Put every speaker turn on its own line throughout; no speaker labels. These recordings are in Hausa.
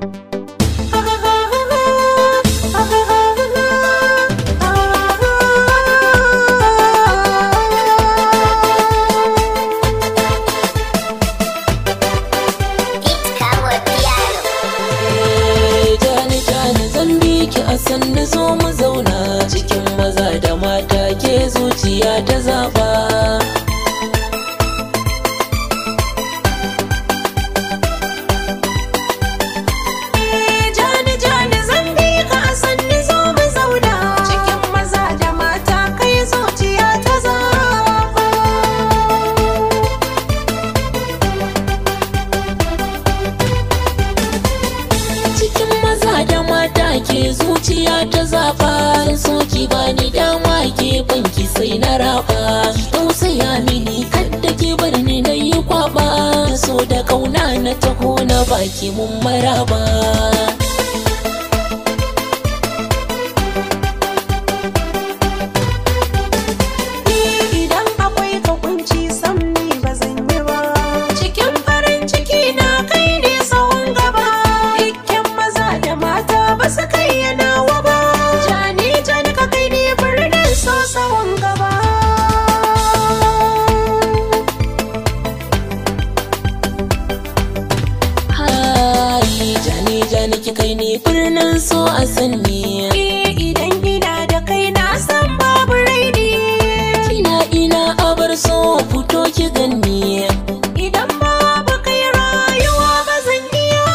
Thank you. me zuciya ta zafa so ki bani dama ke banki sai na raba tausaya mini kadda ki bar ni na yi kwaba so da kauna na taho na baki mun
maraba
a san eh, idan ina da kai na san babu raini kina ina abar so fito ki ganni idan babu
kai rayuwa ba zan iya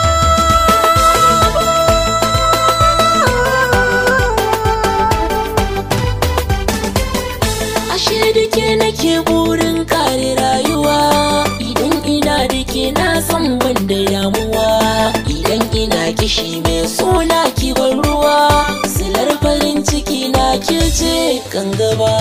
ashe duke nake burin kare rayuwa idan ina dake na san ban da damuwa idan ina kishi mai suna கந்தவா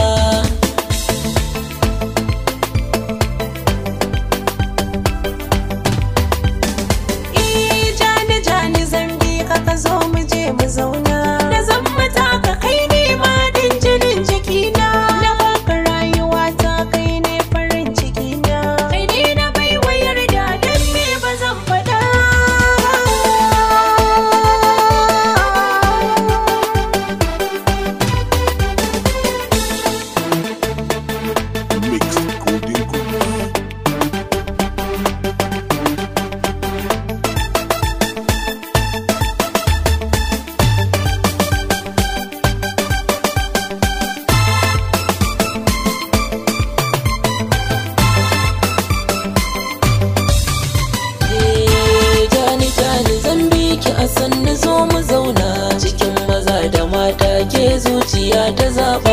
sannu zo mu zauna cikin maza da mata ke
zuciya ta zaɓa